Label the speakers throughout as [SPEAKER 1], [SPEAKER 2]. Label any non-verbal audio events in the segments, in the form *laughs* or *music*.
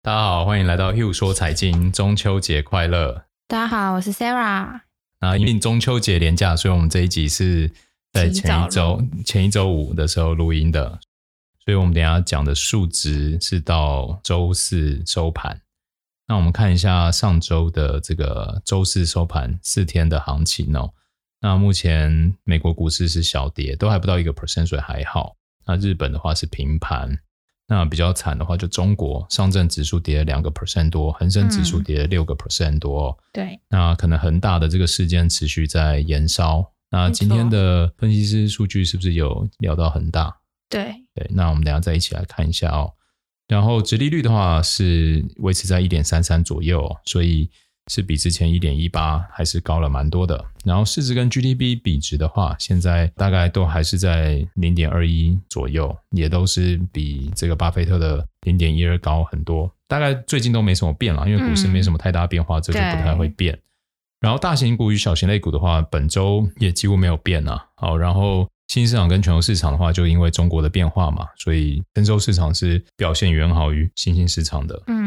[SPEAKER 1] 大家好，歡迎來到 Hugh 說財經，中秋節快樂！
[SPEAKER 2] 大家好，我是 Sarah。
[SPEAKER 1] 那因為中秋節連假，所以我們這一集是在前一周前一周五的時候錄音的，所以我們等一下講的數值是到周四收盤。那我們看一下上周的這個周四收盤四天的行情哦。那目前美國股市是小跌，都還不到一個 percent，所以還好。那日本的話是平盤。那比較慘的話，就中國上證指數跌兩個 percent 多，恆生指數跌六個 percent 多，嗯。對，那可能恆大的這個事件持續在延燒。那今天的分析師數據是不是有聊到恆大？對，對，那我們等下再一起來看一下哦，喔。然後，殖利率的話是維持在一點三三左右，所以。是比之前一點一八還是高了蠻多的。然後市值跟 GDP 比值的話，現在大概都還是在零點二一左右，也都是比這個巴菲特的零點一二高很多。大概最近都沒什麼變了，因為股市沒什麼太大變化，嗯、這就不太會變。然後大型股與小型類股的話，本週也幾乎沒有變呢。好，然後新興市場跟全球市場的話，就因為中國的變化嘛，所以本週市場是表現遠好於新興市場的。嗯。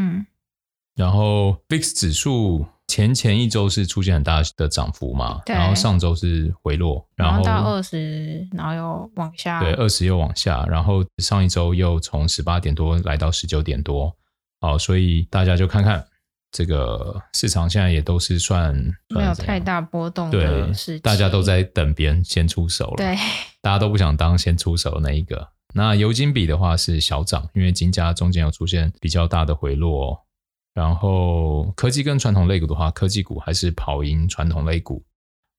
[SPEAKER 1] 然後 VIX 指數前前一週是出現很大的漲幅嘛？對。然後上周是回落，然後，然後到二
[SPEAKER 2] 十，然後又往下。對，
[SPEAKER 1] 二十又往下，然後上一週又從十八點多來到十九點多。好，所以大家就看看這個市場現在也都是算沒有太
[SPEAKER 2] 大波動的。對，大家都
[SPEAKER 1] 在等別人先出手了。對，大家都不想當先出手的那一個。那油金比的話是小漲，因為金價中間有出現比較大的回落。然後科技跟傳統類股的話，科技股還是跑贏傳統類股。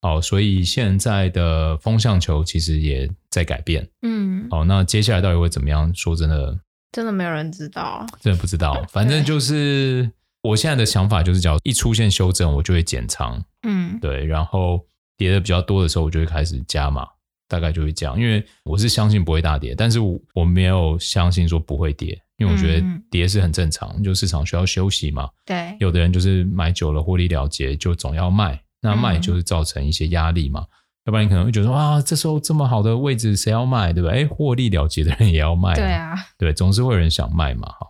[SPEAKER 1] 好、哦，所以現在的風向球其實也在改變。嗯，好、哦，那接下來到底會怎麼樣？說真的，
[SPEAKER 2] 真的沒有人知道。
[SPEAKER 1] 真的不知道、啊。反正就是我現在的想法就是，只要一出現修正，我就會減倉。嗯，對。然後跌的比較多的時候，我就會開始加碼，大概就會這樣。因為我是相信不會大跌，但是我，我沒有相信說不會跌。因為我覺得跌是很正常、嗯，就市場需要休息嘛。對，有的人就是買久了獲利了結，就總要賣，那賣就是造成一些壓力嘛。嗯、要不然你可能會覺得說啊，這時候這麼好的位置誰要賣，對不對？哎，獲利了結的人也要賣、啊，對啊，對，總是會有人想賣嘛。哈，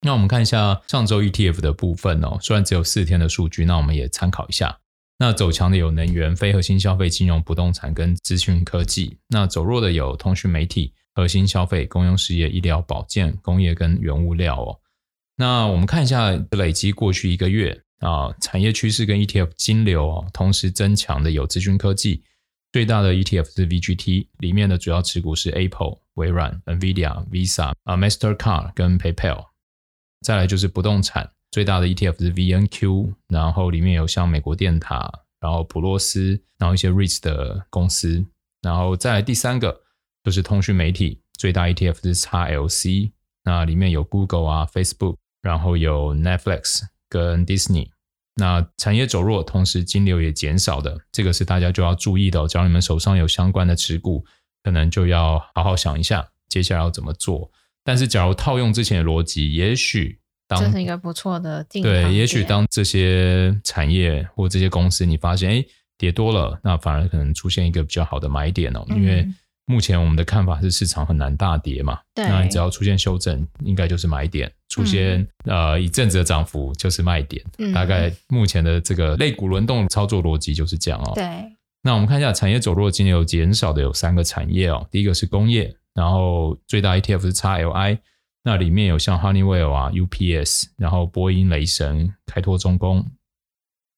[SPEAKER 1] 那我們看一下上周 ETF 的部分哦，雖然只有四天的數據，那我們也參考一下。那走強的有能源、非核心消費、金融、不動產跟資訊科技；那走弱的有通訊媒體。核心消費、公用事業、醫療保健、工業跟原物料哦。那我們看一下累積過去一個月啊，產業趨勢跟 ETF 金流哦、啊，同時增強的有資訊科技。最大的 ETF 是 VGT，裡面的主要持股是 Apple、微軟、NVIDIA、Visa 啊、Mastercard 跟 PayPal。再來就是不動產，最大的 ETF 是 VNQ，然後裡面有像美國電塔，然後普洛斯，然後一些 REIT 的公司。然後再來第三個。就是通訊媒體最大 ETF 是 XLC，那裡面有 Google 啊、Facebook，然後有 Netflix 跟 Disney。那產業走弱，同時金流也減少的，這個是大家就要注意的、哦。假如你們手上有相關的持股，可能就要好好想一下接下來要怎麼做。但是假如套用之前的邏輯，也許當這是
[SPEAKER 2] 一個不錯的定，對，也許當
[SPEAKER 1] 這些產業或這些公司你發現哎跌多了，那反而可能出現一個比較好的買點哦，嗯、因為。目前我們的看法是，市場很難大跌嘛？對。那你只要出現修正，應該就是買點；出現、嗯、呃一陣子的漲幅，就是賣點、嗯。大概目前的這個類股輪動操作邏輯就是這樣哦。對。那我們看一下產業走弱、今年有減少的有三個產業哦。第一個是工業，然後最大 ETF 是 XLI，那裡面有像 Honeywell 啊、UPS，然後波音、雷神、開拓重工。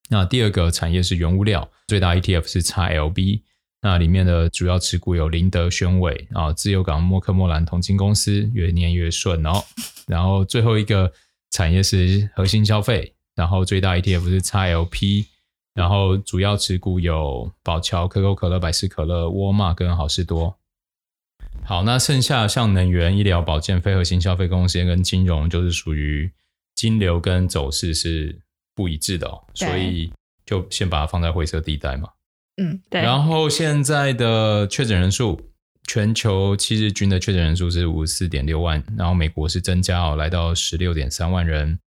[SPEAKER 1] 那第二個產業是原物料，最大 ETF 是 XLB。那裡面的主要持股有林德、宣偉啊、哦、自由港、默克、莫蘭、銅金公司，越念越順哦，然後最後一個產業是核心消費，然後最大 ETF 是 XLP，然後主要持股有寶橋、可口可樂、百事可樂、沃爾瑪跟好事多。好，那剩下像能源、醫療、保健、非核心消費公司跟金融，就是屬於金流跟走勢是不一致的、哦，所以就先把它放在灰色地帶嘛。嗯，對。然後現在的確診人數，全球七日均的確診人數是五十四點六萬，然後美國是增加哦，來到十六點三萬人，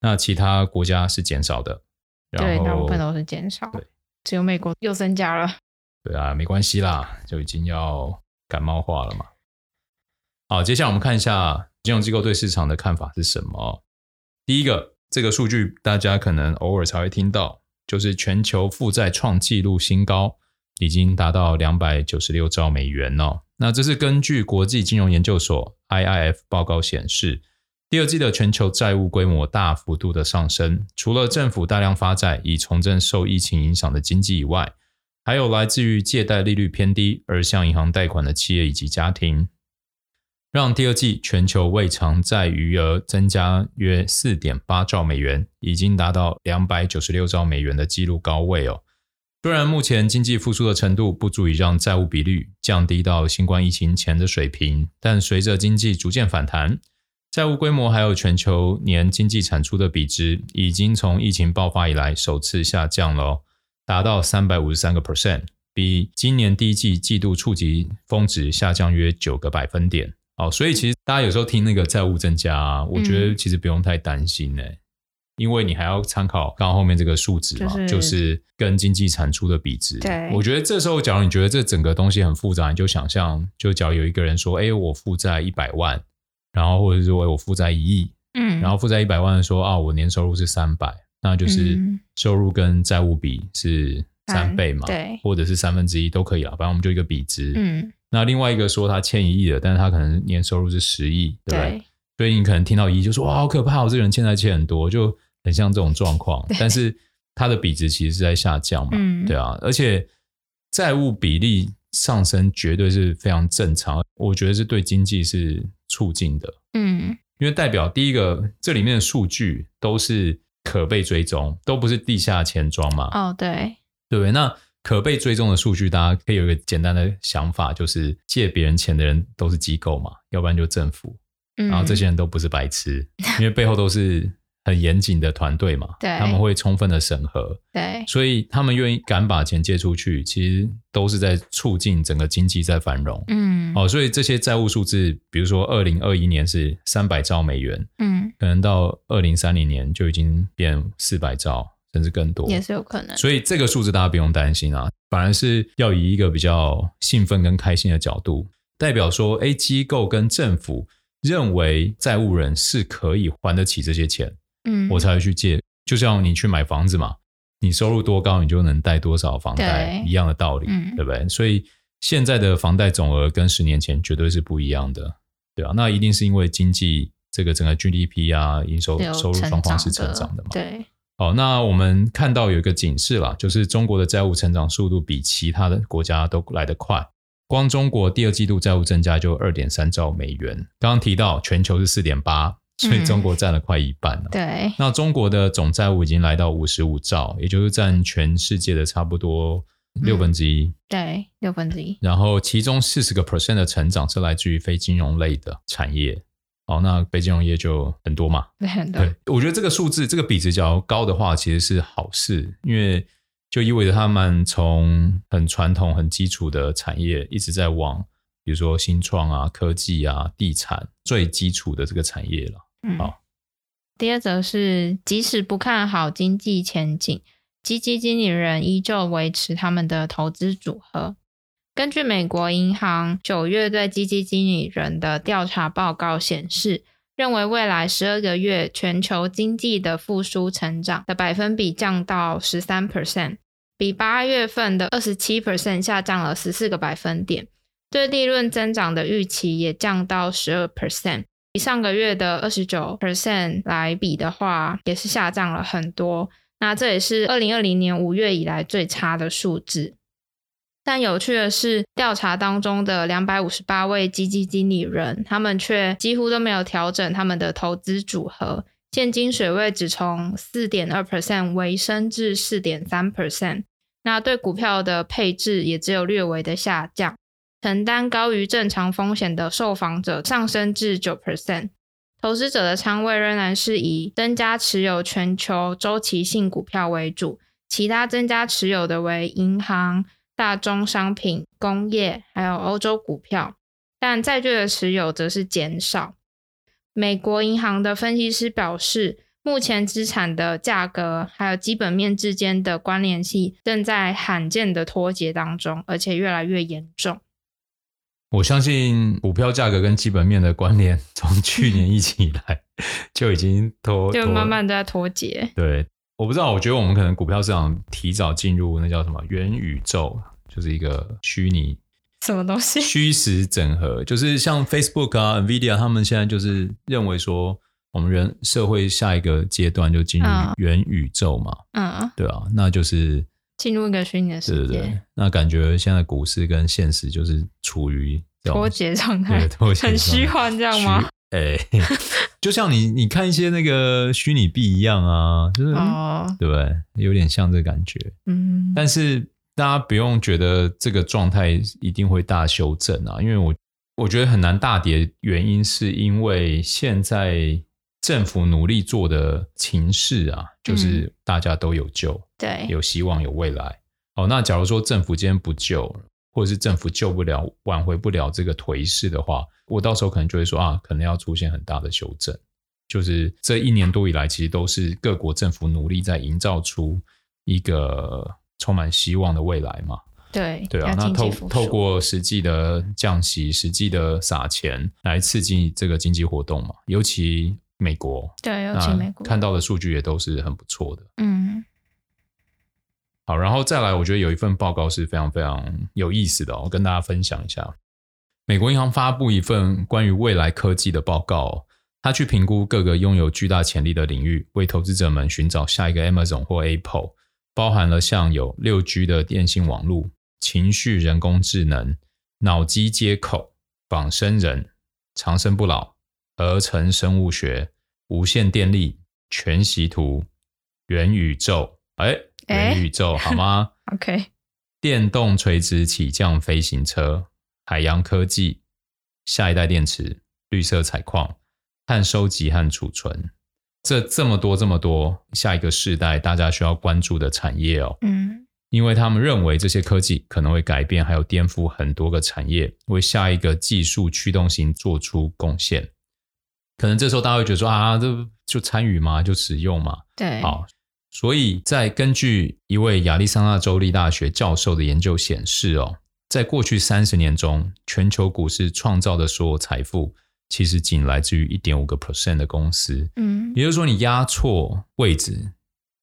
[SPEAKER 1] 那其他國家是減少的。然後對，大部分都
[SPEAKER 2] 是減少。對，只有美國又增加了。
[SPEAKER 1] 對啊，沒關係啦，就已經要感冒化了嘛。好，接下來我們看一下金融機構對市場的看法是什麼。第一個，這個數據大家可能偶爾才會聽到。就是全球負債創紀錄新高，已經達到兩百九十六兆美元呢、哦。那這是根據國際金融研究所 （IIF） 報告顯示，第二季的全球債務規模大幅度的上升，除了政府大量發債以重振受疫情影響的經濟以外，還有來自於借貸利率偏低而向銀行貸款的企業以及家庭。讓第二季全球未償債餘額增加約四點八兆美元，已經達到兩百九十六兆美元的紀錄高位哦。雖然目前經濟復甦的程度不足以讓債務比率降低到新冠疫情前的水平，但隨着經濟逐漸反彈，債務規模還有全球年經濟產出的比值，已經從疫情爆發以來首次下降了，達到三百五十三個 percent，比今年第一季季度觸及峰值下降約九個百分點。哦，所以其實大家有時候聽那個債務增加、啊，我覺得其實不用太擔心嘞、欸嗯，因為你還要參考剛剛後面這個數值嘛、就是，就是跟經濟產出的比值。對，我覺得這時候假如你覺得這整個東西很複雜，你就想象，就假如有一個人說，哎，我負債一百萬，然後或者是說，哎，我負債一億，
[SPEAKER 3] 嗯，然後
[SPEAKER 1] 負債一百萬說啊，我年收入是三百，那就是收入跟債務比是三倍嘛，對，或者是三分之一都可以啊。反正我們就一個比值，嗯。那另外一個說他欠一億的，但是他可能年收入是十億，對對？所以你可能聽到一億，就說哇，好可怕、哦，我這個、人欠債欠很多，就很像這種狀況。對，但是它的比值其實是在下降嘛、嗯，對啊，而且債務比例上升絕對是非常正常，我覺得是對經濟是促進的，嗯，
[SPEAKER 2] 因
[SPEAKER 1] 為代表第一個這裡面的數據都是可被追蹤，都不是地下錢莊嘛，哦，對，對不對？那可被追蹤的數據，大家可以有一個簡單的想法，就是借別人錢的人都是機構嘛，要不然就政府。然後這些人都不是白痴，嗯、因為背後都是很嚴謹的團隊嘛。對， *laughs* 他們會充分的審核。對，所以他們願意敢把錢借出去，其實都是在促進整個經濟在繁榮。嗯、哦，所以這些債務數字，比如說二零二一年是三百兆美元，嗯，可能到二零三零年就已經變四百兆。甚至更多也
[SPEAKER 2] 是有可能，所
[SPEAKER 1] 以這個數字大家不用擔心啊，反而是要以一個比較興奮跟開心的角度，代表說，欸，機構跟政府認為債務人是可以還得起這些錢，嗯，我才會去借，就像你去買房子嘛，你收入多高，你就能貸多少房貸，一樣的道理，嗯，對不對？所以現在的房貸總額跟十年前絕對是不一樣的，對吧？啊？那一定是因為經濟這個整個 GDP 啊，營收收入雙方是成長的嘛，對。好，那我們看到有一個警示啦，就是中國的債務成長速度比其他的國家都來得快。光中國第二季度債務增加就二點三兆美元，剛剛提到全球是四點八，所以中國佔了快一半了。嗯，對，那中國的總債務已經來到五十五兆，也就是佔全世界的差不多六分之一。嗯，
[SPEAKER 2] 對，六分之一。
[SPEAKER 1] 然後其中四十個 percent 的成長是來自於非金融類的產業。哦，那非金融業就很多嘛，對很多，對，我覺得這個數字這個比值較高的話，其實是好事，因為就意味着他們從很傳統、很基礎的產業一直在往，比如說新創啊、科技啊、地產最基礎的這個產業了。嗯，好。
[SPEAKER 2] 第二則是，是即使不看好經濟前景，基金經理人依舊維持他們的投資組合。根據美國銀行九月對基金經理人的調查報告顯示，認為未來十二個月全球經濟的復甦成長的百分比降到十三 percent，比八月份的二十七 percent 下降了十四個百分點。對利潤增長的預期也降到十二 percent，比上個月的二十九 percent 來比的話，也是下降了很多。那這也是二零二零年五月以來最差的數字。但有趣的是，調查當中的兩百五十八位基金經理人，他們卻幾乎都沒有調整他們的投資組合，現金水位只從四點二 percent 微升至四點三 percent。那對股票的配置也只有略微的下降，承擔高於正常風險的受訪者上升至九 percent。投資者的倉位仍然是以增加持有全球週期性股票為主，其他增加持有的為銀行。大宗商品、工業還有歐洲股票，但債券的持有則是減少。美國銀行的分析師表示，目前資產的價格還有基本面之間的關聯性正在罕見的脫節當中，而且越來越嚴重。
[SPEAKER 1] 我相信股票價格跟基本面的關聯，從去年疫情以來 *laughs* 就已經脫，脫就慢慢
[SPEAKER 2] 的在脫節。
[SPEAKER 1] 對。我不知道，我覺得我們可能股票市場提早進入那叫什麼元宇宙，就是一個虛擬虛
[SPEAKER 2] 什麼東西，
[SPEAKER 1] 虛實整合，就是像 Facebook 啊、Nvidia 他們現在就是認為說，我們人社會下一個階段就進入元宇宙嘛，嗯、uh, uh,，對啊，那就是
[SPEAKER 2] 進入一個虛擬的世界對對對，
[SPEAKER 1] 那感覺現在股市跟現實就是處於脫節，脫
[SPEAKER 2] 節狀態，很虛幻這樣嗎？
[SPEAKER 1] 誒。欸 *laughs* 就像你你看一些那個虛擬幣一樣啊，就是、哦、對不對，有點像這個感覺。嗯，但是大家不用覺得這個狀態一定會大修正啊，因為我我覺得很難大跌，原因是因為現在政府努力做的情勢啊，就是大家都有救，嗯、對，有希望，有未來。哦，那假如說政府今天不救，或者是政府救不了、挽回不了這個頹勢的話，我到時候可能就會說啊，可能要出現很大的修正。就是這一年多以來，其實都是各國政府努力在營造出一個充滿希望的未來嘛。
[SPEAKER 3] 對，對啊，那透透
[SPEAKER 1] 過實際的降息、實際的撒錢來刺激這個經濟活動嘛。尤其美國，對，
[SPEAKER 3] 尤其美國，看
[SPEAKER 1] 到的數據也都是很不錯的。嗯。好，然後再來，我覺得有一份報告是非常非常有意思的哦，我跟大家分享一下。美國銀行發布一份關於未來科技的報告，它去評估各個擁有巨大潛力的領域，為投資者們尋找下一個 Amazon 或 Apple，包含了像有六 G 的電信網絡、情緒人工智能、腦機接口、仿生人、長生不老、合成生物學、無線電力、全息圖、元宇宙。誒元宇宙、欸、好嗎 *laughs* ？OK，電動垂直起降飛行車、海洋科技、下一代電池、綠色採礦、碳收集和儲存，這這麼多這麼多，下一個世代大家需要關注的產業哦。嗯，因為他們認為這些科技可能會改變，還有顛覆很多個產業，為下一個技術驅動型做出貢獻。可能這時候大家會覺得說啊，這就參與嗎？就使用嗎？對，好。所以在根據一位亞利桑那州立大學教授的研究顯示，哦，在過去三十年中，全球股市創造的所有財富，其實僅來自於一點五個 percent 的公司。
[SPEAKER 3] 嗯，也
[SPEAKER 1] 就是說，你壓錯位置，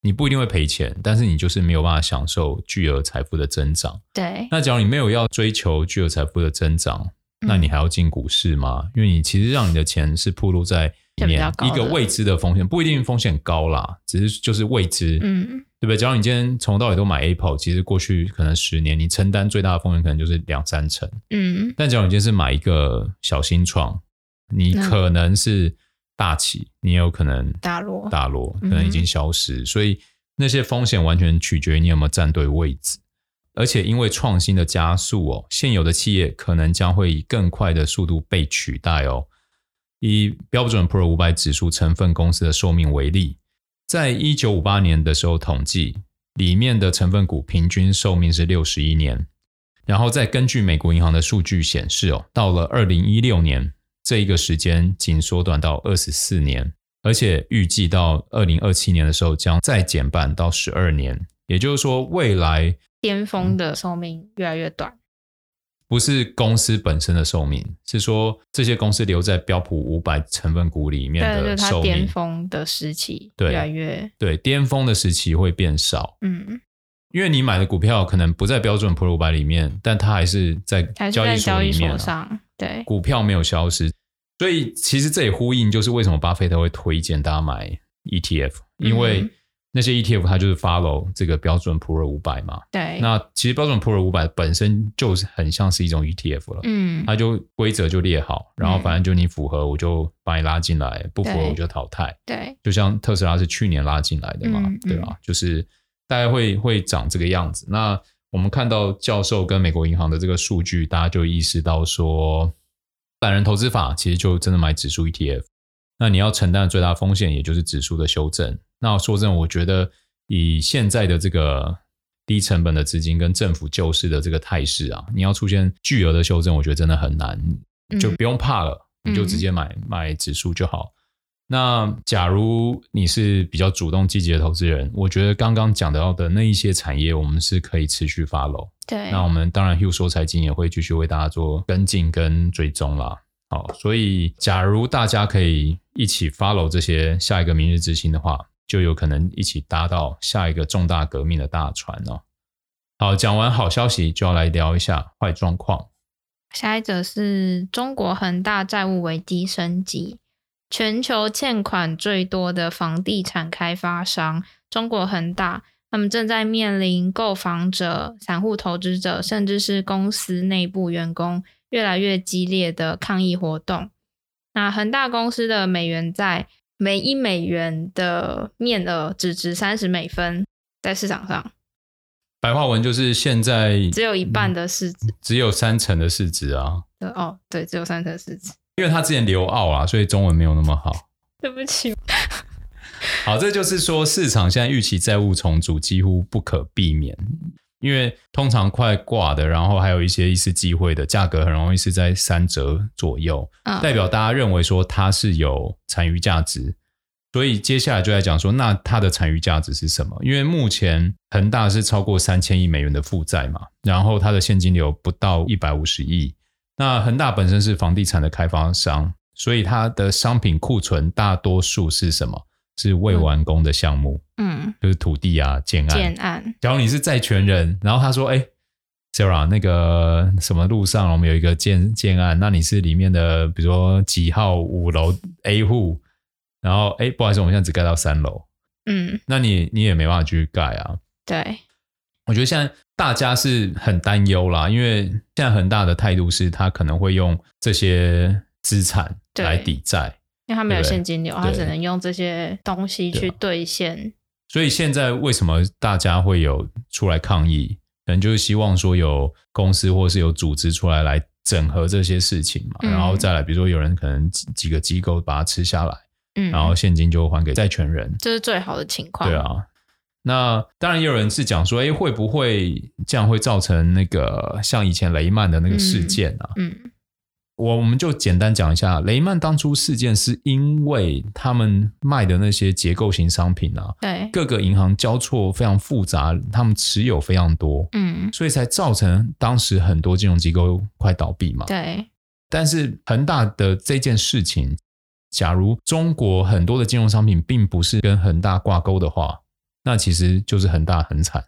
[SPEAKER 1] 你不一定會賠錢，但是你就是沒有辦法享受巨額財富的增長。對。那假如你沒有要追求巨額財富的增長，那你還要進股市嗎？因為你其實讓你的錢是暴露在。年一,一個未知的風險不一定風險高啦，只是就是未知，
[SPEAKER 3] 嗯，
[SPEAKER 1] 對不對？假如你今天從頭到尾都買 Apple，其實過去可能十年你承擔最大的風險可能就是兩三成，嗯。但假如你今天是買一個小新創，你可能是大起，你也有可能大落，大落可能已經消失。嗯嗯，所以那些風險完全取決於你有沒有站對位置，而且因為創新的加速哦，現有的企業可能將會以更快的速度被取代哦。以標準普爾五百指數成分公司的壽命為例，在一九五八年的時候統，統計裡面的成分股平均壽命是六十一年，然後再根據美國銀行的數據顯示哦，到了二零一六年這一個時間，僅縮短到二十四年，而且預計到二零二七年的時候，將再減半到十二年，也就是說，未來
[SPEAKER 2] 巔峰的壽命越來越短。
[SPEAKER 1] 不是公司本身的壽命，是說這些公司留在標普五百成分股裡面的壽命，是是它巔
[SPEAKER 2] 峰的時期越來越
[SPEAKER 1] 對。對，巔峰的時期會變少。嗯，因為你買的股票可能不在標準普爾五百裡面，但它還是在交易所裡面、啊，對、啊，股票沒有消失。所以其實這也呼應，就是為什麼巴菲特會推薦大家買 ETF，因為、嗯。那些 ETF 它就是 follow 這個標準普爾五百嘛，對。那其實標準普爾五百本身就是很像是一種 ETF 了，嗯，它就規則就列好，然後反正就你符合我就把你拉進來，不符合我就淘汰，對。就像特斯拉是去年拉進來的嘛，對，對吧？就是大概會會長這個樣子，嗯。那我們看到教授跟美國銀行的這個數據，大家就意識到說，懶人投資法其實就真的買指數 ETF，那你要承擔的最大風險，也就是指數的修正。那說真的，我覺得以現在的這個低成本的資金跟政府救市的這個態勢啊，你要出現巨額的修正，我覺得真的很難，就不用怕了，嗯、你就直接買、嗯、買指數就好。那假如你是比較主動積極的投資人，我覺得剛剛講得到的那一些產業，我們是可以持續 follow。對，那我們當然 Hugh 說財經也會繼續為大家做跟進跟追蹤啦。好，所以假如大家可以一起 follow 這些下一個明日之星的話。就有可能一起搭到下一個重大革命的大船哦。好，講完好消息，就要來聊一下壞狀況。
[SPEAKER 2] 下一則是中國恆大債務危機升級，全球欠款最多的房地產開發商中國恆大，他們正在面臨購房者、散戶投資者，甚至是公司內部員工越來越激烈的抗議活動。那恆大公司的美元債。每一美元的面額只值三十美分，在市場上，
[SPEAKER 1] 白話文就是現在只有一半的市值，嗯，只有三成的市值啊。
[SPEAKER 2] 哦，對，只有三成市值，
[SPEAKER 1] 因為他之前留澳啊，所以中文沒有那麼好。
[SPEAKER 2] 對不起。
[SPEAKER 1] 好，這就是說，市場現在預期債務重組幾乎不可避免。因為通常快掛的，然後還有一些一次機會的價格，很容易是在三折左右，代表大家認為說它是有殘餘價值，所以接下來就來講說，那它的殘餘價值是什麼？因為目前恆大是超過三千億美元的負債嘛，然後它的現金流不到一百五十億，那恆大本身是房地產的開發商，所以它的商品庫存大多數是什麼？是未完工的項目，嗯，嗯，就是土地啊，建案、建案。假如你是債權人、嗯，然後他說：“哎、欸、Sarah，那個什麼路上我們有一個建建案，那你是裡面的，比如說幾號五樓 A 戶、嗯，然後哎、欸，不好意思，我們現在只蓋到三樓，嗯，那你你也沒辦法繼續蓋啊。”對，我覺得現在大家是很擔憂啦，因為現在恆大的態度是他可能會用這些資產來抵債。
[SPEAKER 2] 因為他沒有現金流，對對，他只能用這些東西去兌現。對
[SPEAKER 1] 啊。所以現在為什麼大家會有出來抗議？可能就是希望說有公司或是有組織出來來整合這些事情嘛，嗯、然後再來，比如說有人可能幾個機構把它吃下來，嗯、然後現金就還給債權人。
[SPEAKER 2] 這是最好的情況。對啊，
[SPEAKER 1] 那當然也有人是講說，哎，會不會這樣會造成那個像以前雷曼的那個事件啊？嗯。嗯。我我們就簡單講一下雷曼當初事件，是因為他們賣的那些結構型商品啊，對，各個銀行交錯非常複雜，他們持有非常多，嗯，所以才造成當時很多金融機構快倒閉嘛。對。但是恆大的這件事情，假如中國很多的金融商品並不是跟恆大掛鈎的話，那其實就是恆大很慘，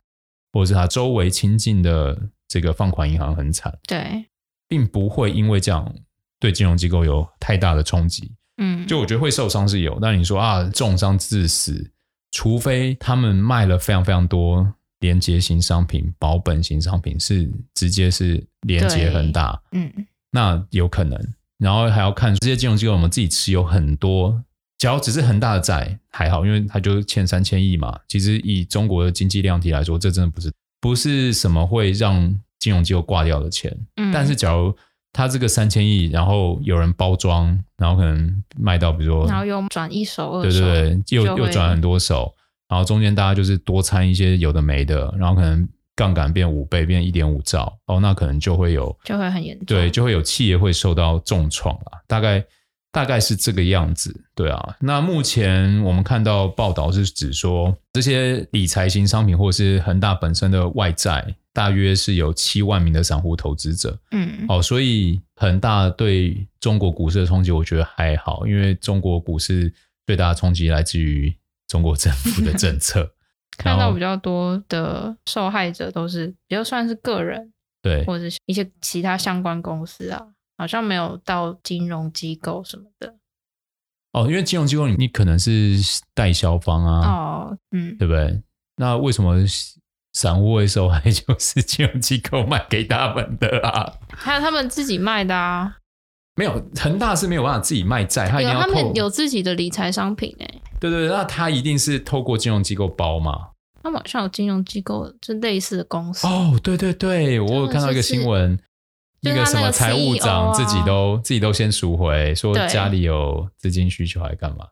[SPEAKER 1] 或者是它周圍親近的這個放款銀行很慘。對。並不會因為這樣對金融機構有太大的衝擊，
[SPEAKER 3] 嗯，就我
[SPEAKER 1] 覺得會受傷是有，但你說啊，重傷致死，除非他們賣了非常非常多連結型商品、保本型商品，是直接是連結恆大，嗯，那有可能，然後還要看這些金融機構我們自己持有很多，只要只是恆大的債還好，因為它就欠三千億嘛，其實以中國的經濟量體來說，這真的不是不是什麼會讓。金融機構掛掉的錢、嗯，但是假如他這個三千億，然後有人包裝，然後可能賣到比如說，然後
[SPEAKER 2] 又轉一手二手，對對,對，又又轉很
[SPEAKER 1] 多手，然後中間大家就是多摻一些有的沒的，然後可能槓桿變五倍，變一點五兆，哦，那可能就會有就會很嚴重，對，就會有企業會受到重創啊。大概大概是這個樣子，對啊。那目前我們看到報道是指說，這些理財型商品或者是恆大本身的外債。大約是有七萬名的散戶投資者，嗯，哦，所以恆大對中國股市的衝擊，我覺得還好，因為中國股市最大的衝擊來自於中國政府的政策。 *laughs* 看到比
[SPEAKER 2] 較多的受害者都是，比較算是個人，對，或者是一些其他相關公司啊，好像沒有到金融機構什麼
[SPEAKER 1] 的。哦，因為金融機構你，你可能是代銷方啊，哦，嗯，對不對？那為什麼？散戶的時候還就是金融機構賣給他們的啊？
[SPEAKER 2] 還有他們自己賣的啊？
[SPEAKER 1] 沒有，恆大是沒有辦法自己賣債，他一定要有他們有
[SPEAKER 2] 自己的理財商品哎。
[SPEAKER 1] 對對對，那他一定是透過金融機構包嘛？
[SPEAKER 2] 他們好像有金融機構，就類似的公
[SPEAKER 1] 司。哦，對對對，我有看到一個新聞，一個什麼財務長自己都、啊、自己都先贖回，說家裡有資金需求來幹嘛？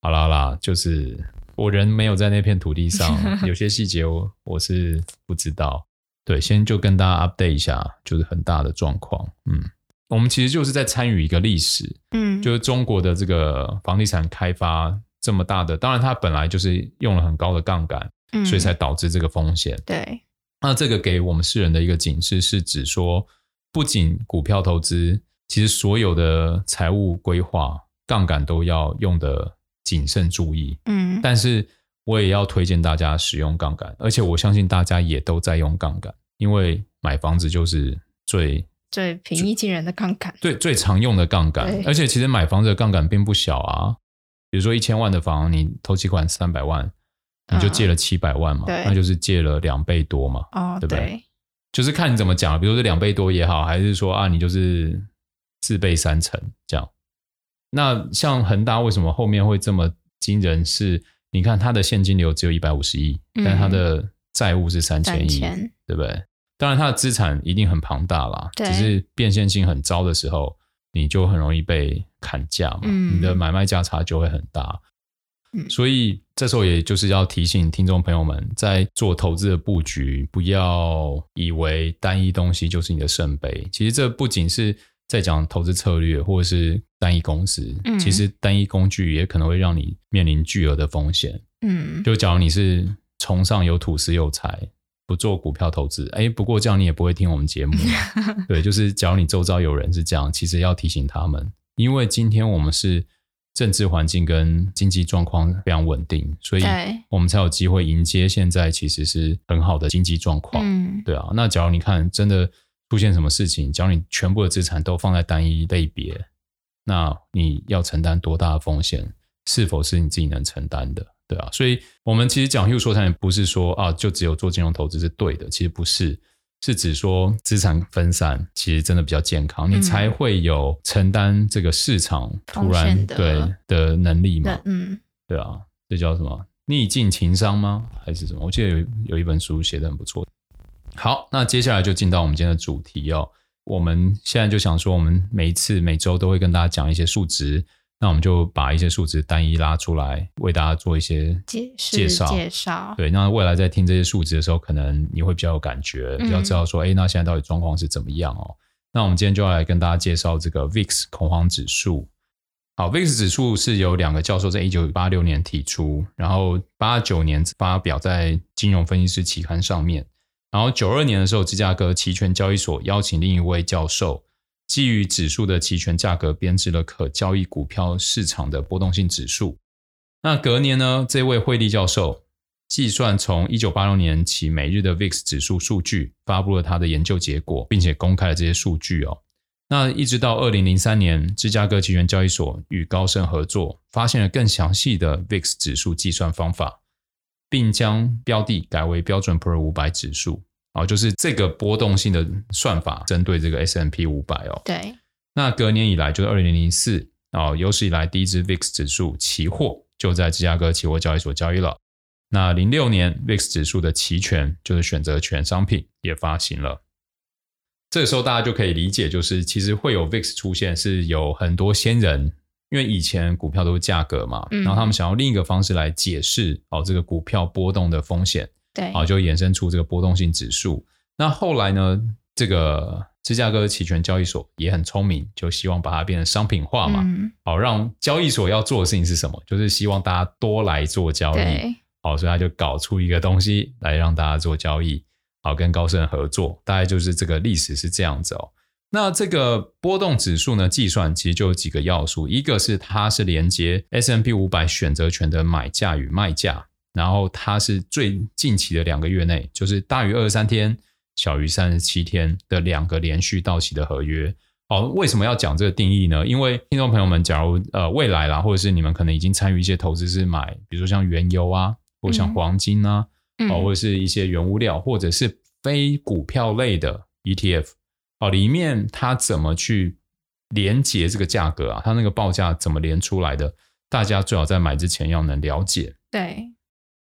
[SPEAKER 1] 好啦好啦，就是。我人沒有在那片土地上，有些細節我我是不知道。 *laughs* 對，先就跟大家 update 一下，就是很大的狀況。嗯，我們其實就是在參與一個歷史，嗯，就是中國的這個房地產開發這麼大的，當然它本來就是用了很高的槓桿，嗯，所以才導致這個風險。嗯。對，那這個給我們世人的一個警示是指說，不僅股票投資，其實所有的財務規劃槓桿都要用的。謹慎注意，嗯，但是我也要推薦大家使用槓桿，而且我相信大家也都在用槓桿，因為買房子就是最
[SPEAKER 2] 最平易近人的槓桿，
[SPEAKER 1] 對，最常用的槓桿。而且其實買房子的槓桿並不小啊，比如說一千萬的房，嗯、你頭期款三百萬，
[SPEAKER 3] 你就借了
[SPEAKER 1] 七百萬嘛、嗯，那就是借了兩倍多嘛，哦、對不對？對。就是看你怎麼講，比如說兩倍多也好，還是說啊，你就是自備三成這樣。那像恆大為什麼後面會這麼驚人？是，你看它的現金流只有一百五十億，但它的債務是3000、嗯、三千億，對不對？當然，它的資產一定很龐大啦，只是變現性很糟的時候，你就很容易被砍價嘛、嗯，你的買賣價差就會很大。嗯、所以這時候，也就是要提醒聽眾朋友們，在做投資的布局，不要以為單一東西就是你的聖杯。其實這不僅是。再講投資策略，或者是單一公司。嗯，其實單一工具也可能會讓你面臨巨額的風險。嗯，就假如你是崇尚有土斯有財，不做股票投資，哎，不過這樣你也不會聽我們節目。 *laughs* 對，就是假如你周遭有人是這樣，其實要提醒他們，因為今天我們是政治環境跟經濟狀況非常穩定，所以我們才有機會迎接現在其實是很好的經濟狀況。嗯，對啊，那假如你看，真的。出現什麼事情，將你全部的資產都放在單一類別，那你要承擔多大的風險？是否是你自己能承擔的？對啊，所以我們其實講又說，它也不是說啊，就只有做金融投資是對的，其實不是，是指說資產分散，其實真的比較健康，嗯，你才會有承擔這個市場突然對的能力嘛？嗯，對啊，這叫什麼？逆境情商嗎？還是什麼？我記得有有一本書寫得很不錯。好，那接下來就進到我們今天的主題哦。我們現在就想說，我們每一次每周都會跟大家講一些數值，那我們就把一些數值單一拉出來，為大家做一些
[SPEAKER 3] 介解介紹介紹。對，
[SPEAKER 1] 那未來在聽這些數值的時候，可能你會比較有感覺，比較知道說，哎、嗯欸，那現在到底狀況是怎麼樣哦？那我們今天就要來跟大家介紹這個 VIX 恐慌指數。好，VIX 指數是由兩個教授在一九八六年提出，然後八九年發表在《金融分析師期刊》上面。然後，九二年的時候，芝加哥期權交易所邀請另一位教授，基於指數的期權價格編製了可交易股票市場的波動性指數。那隔年呢？這位惠利教授計算從一九八六年起每日的 VIX 指數數據，發布了他的研究結果，並且公開了這些數據哦。那一直到二零零三年，芝加哥期權交易所與高盛合作，發現了更詳細的 VIX 指數計算方法。並將標的改為標準普爾五百指數啊，就是這個波動性的算法針對這個 S&P 五百哦。對，那隔年以來就是二零零四啊，有史以來第一支 VIX 指數期貨就在芝加哥期貨交易所交易了。那零六年 VIX 指數的期權就是選擇權商品也發行了。這個時候大家就可以理解，就是其實會有 VIX 出現，是有很多先人。因為以前股票都是價格嘛，嗯、然後他們想用另一個方式來解釋哦，這個股票波動的風險，對，啊、哦，就衍生出這個波動性指數。那後來呢，這個芝加哥期權交易所也很聰明，就希望把它變成商品化嘛，好、嗯哦、讓交易所要做的事情是什麼？就是希望大家多來做交易，好、哦，所以他就搞出一個東西來讓大家做交易，好、哦，跟高盛合作，大概就是這個歷史是這樣子哦。那這個波動指數呢？計算其實就有幾個要素，一個是它是連接 S&P 五百選擇權的買價與賣價，然後它是最近期的兩個月內，就是大於二十三天、小於三十七天的兩個連續到期的合約。好、哦，為什麼要講這個定義呢？因為聽眾朋友們，假如呃未來啦，或者是你們可能已經參與一些投資，是買，比如說像原油啊，或者像黃金啊，啊、哦，或者是一些原物料，或者是非股票類的 E T F。哦，裡面它怎麼去連接這個價格啊？它那個報價怎麼連出來的？大家最好在買之前要能了解。對，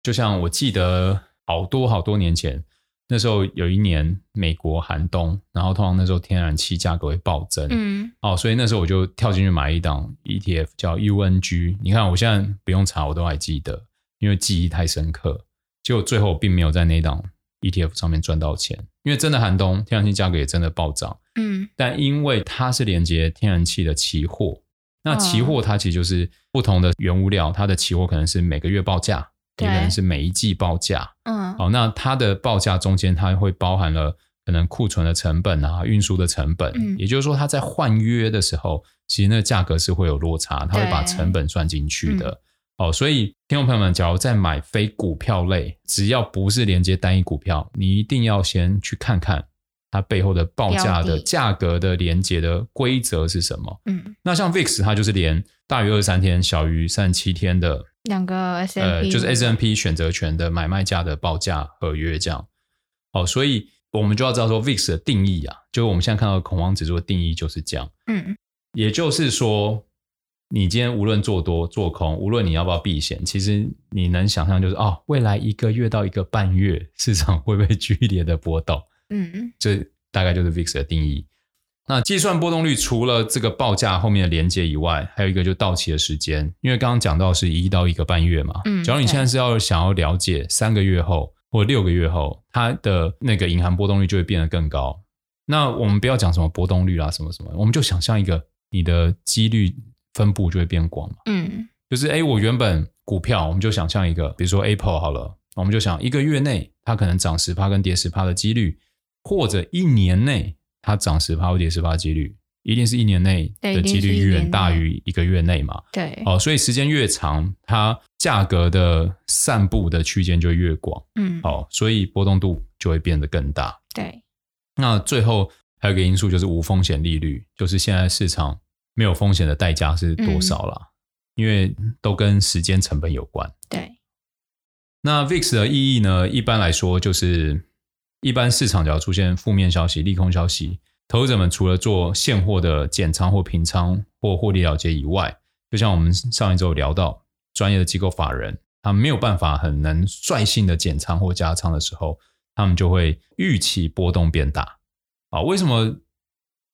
[SPEAKER 1] 就像我記得好多好多年前，那時候有一年美國寒冬，然後通常那時候天然氣價格會暴增。嗯，哦，所以那時候我就跳進去買了一檔 ETF 叫 UNG。你看我現在不用查，我都還記得，因為記憶太深刻。結果最後我並沒有在那檔。ETF 上面賺到錢，因為真的寒冬，天然氣價格也真的暴漲。嗯，但因為它是連接天然氣的期貨，哦，那期貨它其實就是不同的原物料，它的期貨可能是每個月報價，
[SPEAKER 2] 也可能是
[SPEAKER 1] 每一季報價。嗯，好，哦，那它的報價中間它會包含了可能庫存的成本啊，運輸的成本。嗯，也就是說，它在換約的時候，其實那個價格是會有落差，它會把成本算進去的。哦，所以聽眾朋友們，假如在買非股票類，只要不是連接單一股票，你一定要先去看看它背後的報價的價格的連接的規則是什麼。嗯，那像 VIX 它就是連大於二十三天、小於三十七天的
[SPEAKER 2] 兩個、SAP、呃，就是
[SPEAKER 1] S&P 選擇權的買賣價的報價合約這樣。哦，所以我們就要知道說 VIX 的定義啊，就是我們現在看到的恐慌指數的定義就是這樣。嗯，也就是說。你今天無論做多做空，無論你要不要避險，其實你能想象就是哦，未來一個月到一個半月市場會不會劇烈的波動，嗯嗯，這大概就是 VIX 的定義。那計算波動率除了這個報價後面的連結以外，還有一個就到期的時間，因為剛剛講到是一到一個半月嘛，嗯，假如你現在是要想要了解三個月後或六個月後，它的那個隱含波動率就會變得更高。那我們不要講什麼波動率啊什麼什麼，我們就想象一個你的幾率。分布就會變廣，嗯，就是哎、欸，我原本股票，我們就想象一個，比如說 Apple 好了，我們就想一個月內它可能漲十趴跟跌十趴的幾率，或者一年內它漲十趴或跌十趴幾率，一定是一年內的幾率遠大於一個月內嘛？對，哦，所以時間越長，它價格的散布的區間就越廣，嗯，哦，所以波動度就會變得更大，
[SPEAKER 2] 對。
[SPEAKER 1] 那最後還有一個因素就是無風險利率，就是現在市場。沒有風險的代價是多少了、嗯？因為都跟時間成本有關。對，那 VIX 的意義呢？一般來說，就是一般市場只要出現負面消息、利空消息，投資者們除了做現貨的減倉或平倉或獲利了結以外，就像我們上一周聊到，專業的機構法人，他們沒有辦法很能率性的減倉或加倉的時候，他們就會預期波動變大。啊，為什麼？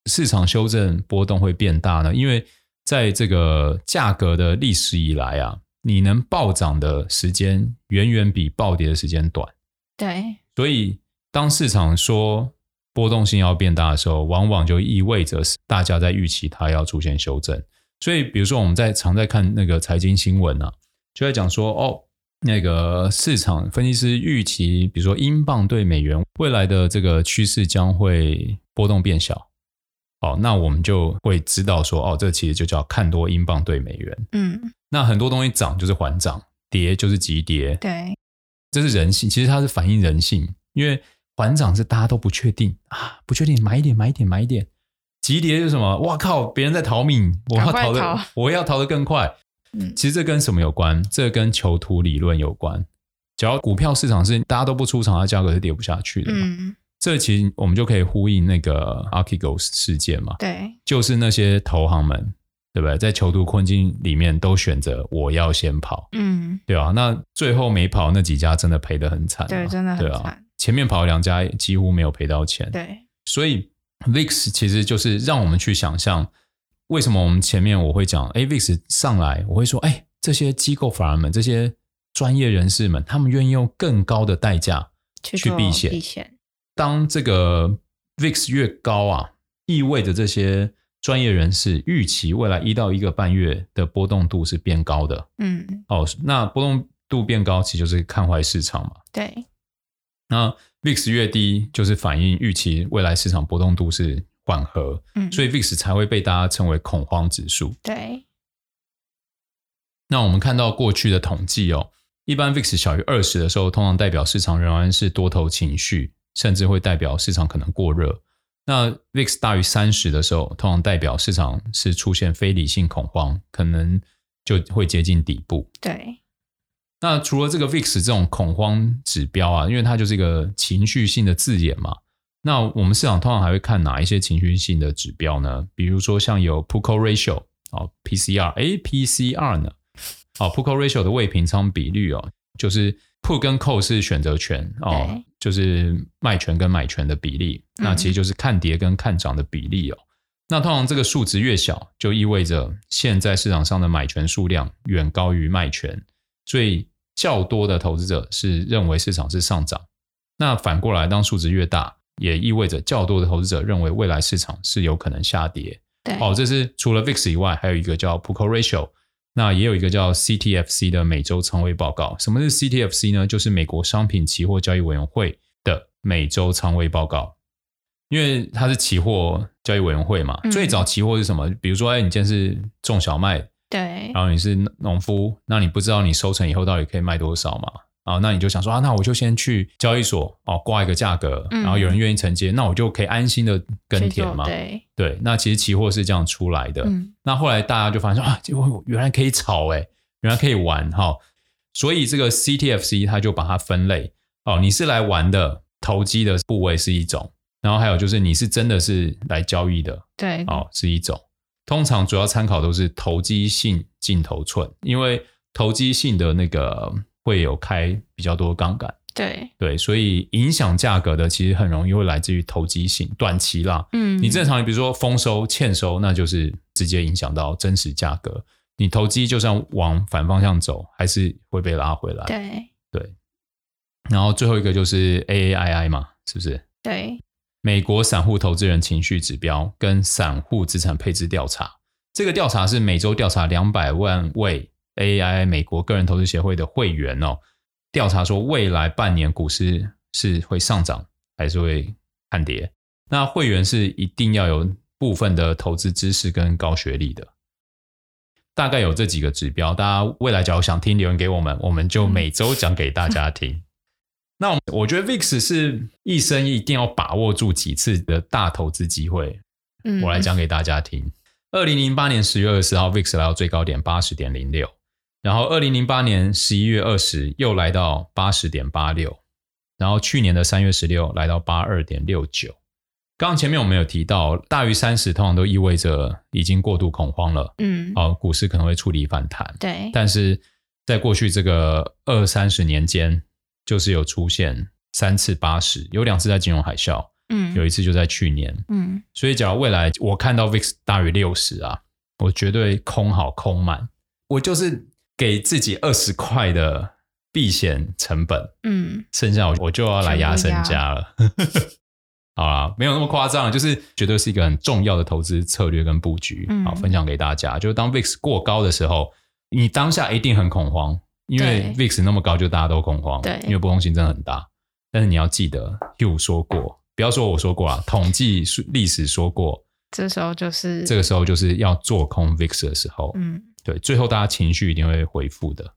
[SPEAKER 1] 市場修正波動會變大呢，因為在這個價格的歷史以來啊，你能暴漲的時間遠遠比暴跌的時間短。對，所以當市場說波動性要變大的時候，往往就意味着是大家在預期它要出現修正。所以，比如說我們在常在看那個財經新聞啊，就在講說哦，那個市場分析師預期，比如說英鎊兌美元未來的這個趨勢將會波動變小。好，那我們就會知道說，哦，這其實就叫看多英鎊兌美元。嗯，那很多東西漲就是緩漲，跌就是急跌。對，這是人性，其實它是反映人性。因為緩漲是大家都不確定啊，不確定買一點，買一點，買一點。急跌就是什麼？哇靠，別人在逃命，我要逃得，我要逃得更快。嗯，其實這跟什麼有關？這跟囚徒理論有關。只要股票市場是大家都不出場，它價格是跌不下去的嘛。嗯。這其實我們就可以呼應那個 Archegos 事件嘛，對，就是那些投行們，對不對？在囚徒困境裡面，都選擇我要先跑，嗯，對啊，那最後沒跑那幾家真的賠得很慘啊，對，真的很慘。啊，前面跑兩家幾乎沒有賠到錢，對，所以 VIX 其實就是讓我們去想象，為什麼我們前面我會講，哎，VIX 上來，我會說，哎，這些機構法人們，這些專業人士們，他們願意用更高的代價去避險。當這個 VIX 越高啊，意味着這些專業人士預期未來一到一個半月的波動度是變高的。
[SPEAKER 3] 嗯，
[SPEAKER 1] 哦，那波動度變高，其實就是看壞市場嘛。對。那 VIX 越低，就是反映預期未來市場波動度是緩和。嗯。所以 VIX 才會被大家稱為恐慌指數。對。那我們看到過去的統計哦，一般 VIX 小於二十的時候，通常代表市場仍然是多頭情緒。甚至會代表市場可能過熱。那 VIX 大於三十的時候，通常代表市場是出現非理性恐慌，可能就會接近底部。對。那除了這個 VIX 這種恐慌指標啊，因為它就是一個情緒性的字眼嘛。那我們市場通常還會看哪一些情緒性的指標呢？比如說像有 Put Call Ratio 啊、oh,，PCR，哎，PCR 呢？哦，Put Call Ratio 的未平倉比率哦，就是 Put 跟 Call 是選擇權哦。Oh, 就是賣權跟買權的比例，嗯、那其實就是看跌跟看漲的比例哦。那通常這個數值越小，就意味着現在市場上的買權數量遠高於賣權，所以較多的投資者是認為市場是上漲。那反過來，當數值越大，也意味着較多的投資者認為未來市場是有可能下跌。對，哦，這是除了 VIX 以外，還有一個叫 Put Call Ratio。那也有一個叫 CTFC 的每周倉位報告。什麼是 CTFC 呢？就是美國商品期貨交易委員會的每周倉位報告。因為它是期貨交易委員會嘛、嗯，最早期貨是什麼？比如說，哎，你今天是種小麥，
[SPEAKER 3] 對，然
[SPEAKER 1] 後你是農夫，那你不知道你收成以後到底可以賣多少嘛？啊、哦，那你就想說啊，那我就先去交易所哦掛一個價格，嗯，然後有人願意承接，那我就可以安心的耕田嘛。對，那其實期貨是這樣出來的。嗯、那後來大家就發現說啊，期貨原來可以炒誒、欸、原來可以玩哈、哦，所以這個 C T F C 它就把它分類哦，你是來玩的投機的部位是一種，然後還有就是你是真的是來交易的，對，哦是一種。通常主要參考都是投機性淨頭寸，因為投機性的那個。會有開比較多的槓桿，對對，所以影響價格的其實很容易會來自於投機性短期啦。嗯，你正常，你比如說豐收欠收，那就是直接影響到真實價格。你投機就算往反方向走，還是會被拉回來。對對。然後最後一個就是 A A I I 嘛，是不是？對。美國散戶投資人情緒指標跟散戶資產配置調查，這個調查是每週調查兩百萬位。A.I. 美國個人投資協會的會員哦、喔，調查說未來半年股市是會上漲還是會看跌？那會員是一定要有部分的投資知識跟高學歷的，大概有這幾個指標。大家未來假如想聽，留言給我們，我們就每周講給大家聽。嗯、 *laughs* 那我,我覺得 VIX 是一生一定要把握住幾次的大投資機會。嗯，我來講給大家聽。二零零八年十月二十四號，VIX 來到最高點八十點零六。然後，二零零八年十一月二十又來到八十點八六，然後去年的三月十六來到八二點六九。剛剛前面我們有提到，大於三十通常都意味着已經過度恐慌了，嗯，啊，股市可能會觸底反彈，對。但是在過去這個二三十年間，就是有出現三次八十，有兩次在金融海嘯，嗯，有一次就在去年，嗯。
[SPEAKER 3] 嗯，
[SPEAKER 1] 所以，假如未來我看到 VIX 大於六十啊，我絕對空好空滿，我就是。給自己二十塊的避險成本，嗯，剩下我我就要來壓身家了。 *laughs* 好啦，沒有那麼誇張，就是絕對是一個很重要的投資策略跟布局，嗯、好，分享給大家。就是當 VIX 過高的時候，你當下一定很恐慌，因為 VIX 那麼高就大家都恐慌，對，因為波動性真的很大。但是你要記得，Hugh 說過，不要說我說過啊，統計歷史說過，
[SPEAKER 2] 這時候就是這個時
[SPEAKER 1] 候就是要做空 VIX 的時候，嗯。對，最後大家情緒一定會恢復的。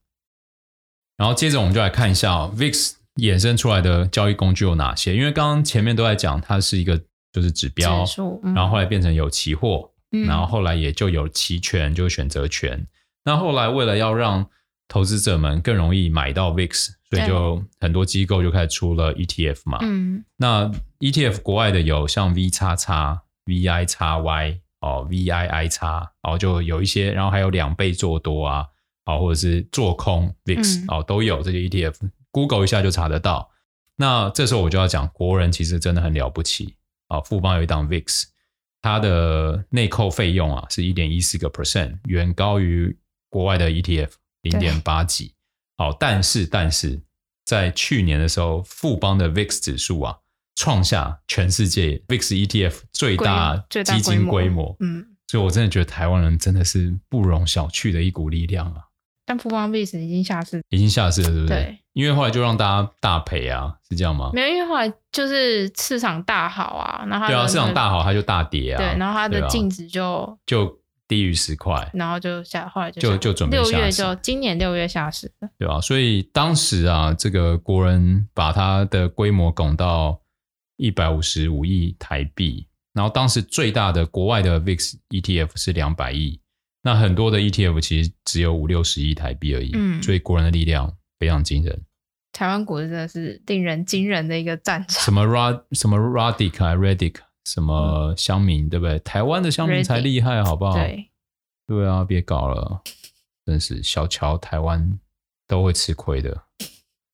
[SPEAKER 1] 然後接着我們就來看一下，哦、VIX 衍生出來的交易工具有哪些？因為剛剛前面都在講，它是一個就是指標，嗯、然後後來變成有期貨、嗯，然後後來也就有期權，就選擇權。那後，後來為了要讓投資者們更容易買到 VIX，所以就很多機構就開始出了 ETF 嘛。嗯，那 ETF 國外的有像 VXX、VIXY。哦，VIIX，然後就有一些，然後還有兩倍做多啊，啊、oh，或者是做空 VIX，哦、嗯，oh, 都有這些 ETF，Google 一下就查得到。那這時候我就要講，國人其實真的很了不起啊！Oh, 富邦有一檔 VIX，它的內扣費用啊是一點一四個 percent，遠高於國外的 ETF 零點八幾。哦，oh, 但是但是，在去年的時候，富邦的 VIX 指數啊。創下全世界 VIX ETF 最大基金規模，模，嗯，所以我真的覺得台灣人真的是不容小覷的一股力量啊！
[SPEAKER 2] 但富邦 VIX 已經下市，
[SPEAKER 1] 已經下市了，對不對？對？因為後來就讓大家大賠啊，是這樣嗎？沒
[SPEAKER 2] 有，因為後來就是市場大好啊，那對啊，市場大
[SPEAKER 1] 好，它就大跌啊，對，然後它的淨值就、啊、就低於十塊，
[SPEAKER 2] 然後就下，後來就下就，就準備六月就今年六月下市
[SPEAKER 1] 了，對啊，所以當時啊，嗯、這個國人把它的規模拱到。一百五十五億台幣，然後當時最大的國外的 VIX ETF 是兩百億，那很多的 ETF 其實只有五六十億台幣而已，嗯，所以國人的力量非常驚人。
[SPEAKER 2] 台灣股市真的是令人驚人的一個戰
[SPEAKER 1] 場，什麼 R 什麼 Radic、啊、Redic 什麼鄉民、嗯、對不對？台灣的鄉民才厲害，好不好
[SPEAKER 2] ？Redic,
[SPEAKER 1] 對，對啊，別搞了，真是小瞧台灣都會吃虧的。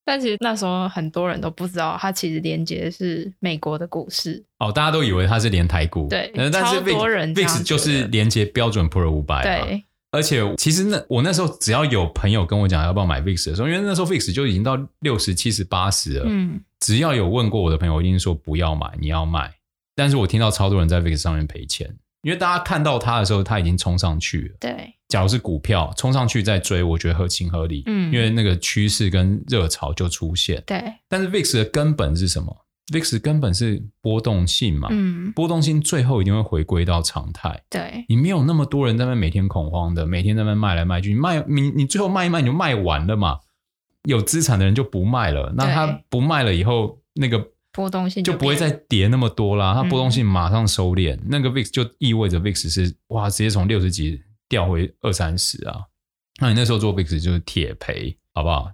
[SPEAKER 2] 但其實那時候很多人都不知道，它其實連接的是美國的股
[SPEAKER 1] 市哦，大家都以為它是連台股。對，但是超多人，VIX 就是連接標準普爾五百。對，而且其實那我那時候只要有朋友跟我講要不要買 VIX 的時候，因為那時候 VIX 就已經到六十、七十、八十了。嗯，只要有問過我的朋友，我一定說不要買，你要賣。但是我聽到超多人在 VIX 上面賠錢，因為大家看到他的時候，他已經衝上去了。對。假如是股票衝上去再追，我覺得合情合理，嗯，因為那個趨勢跟熱潮就出現，對。但是 VIX 的根本是什麼？VIX 根本是波動性嘛，嗯，波動性最後一定會回歸到常態，對。你沒有那麼多人在那每天恐慌的，每天在那賣來賣去，你賣你你最後賣一賣你就賣完了嘛。有資產的人就不賣了，那他不賣了以後，那個
[SPEAKER 2] 波動性就不會再
[SPEAKER 1] 跌那麼多啦。他波、波動性馬上收斂，嗯，那個 VIX 就意味着 VIX 是哇，直接從六十幾。嗯掉回二三十啊。那你那時候做 VIX 就是鐵賠，好不好？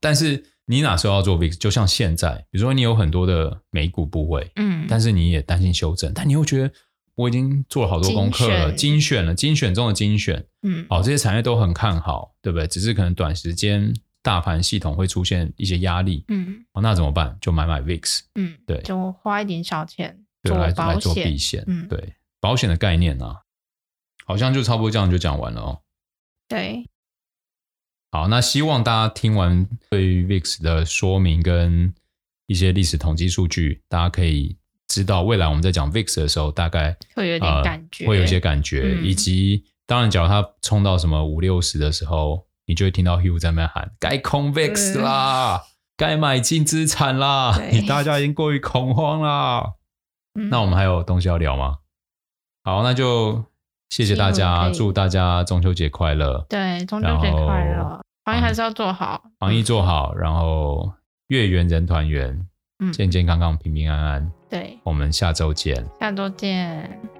[SPEAKER 1] 但是你哪時候要做 VIX？就像現在，比如說你有很多的美股部位，嗯，但是你也擔心修正，但你又覺得我已經做了好多功課了，精選了精選中的精選，嗯，哦，這些產業都很看好，對不對？只是可能短時間大盤系統會出現一些壓力，嗯，哦，那怎麼辦？就買買 VIX，嗯，
[SPEAKER 2] 對，就花一點小錢對來，來做避險，嗯，
[SPEAKER 1] 對，保險的概念啊。好像就差不多這樣就講完了哦。對，好，那希望大家聽完對於 VIX 的說明跟一些歷史統計數據，大家可以知道未來我們在講 VIX 的時候，大概
[SPEAKER 3] 會有點感覺、呃，會有些感覺，嗯、以
[SPEAKER 1] 及當然，只要它衝到什麼五六十的時候，你就會聽到 Hugh 在那邊喊：“該空 VIX 啦，該、嗯、買進資產啦！”你大家已經過於恐慌啦、
[SPEAKER 2] 嗯。那我們
[SPEAKER 1] 還有東西要聊嗎？好，那就。謝謝大家，祝大家中秋節快樂！
[SPEAKER 2] 對，中秋節快樂！防疫還是要做好，
[SPEAKER 1] 防疫做好，然後月圓人團圓，嗯，健健康康，平平安安。對，我們下週見，
[SPEAKER 2] 下週見。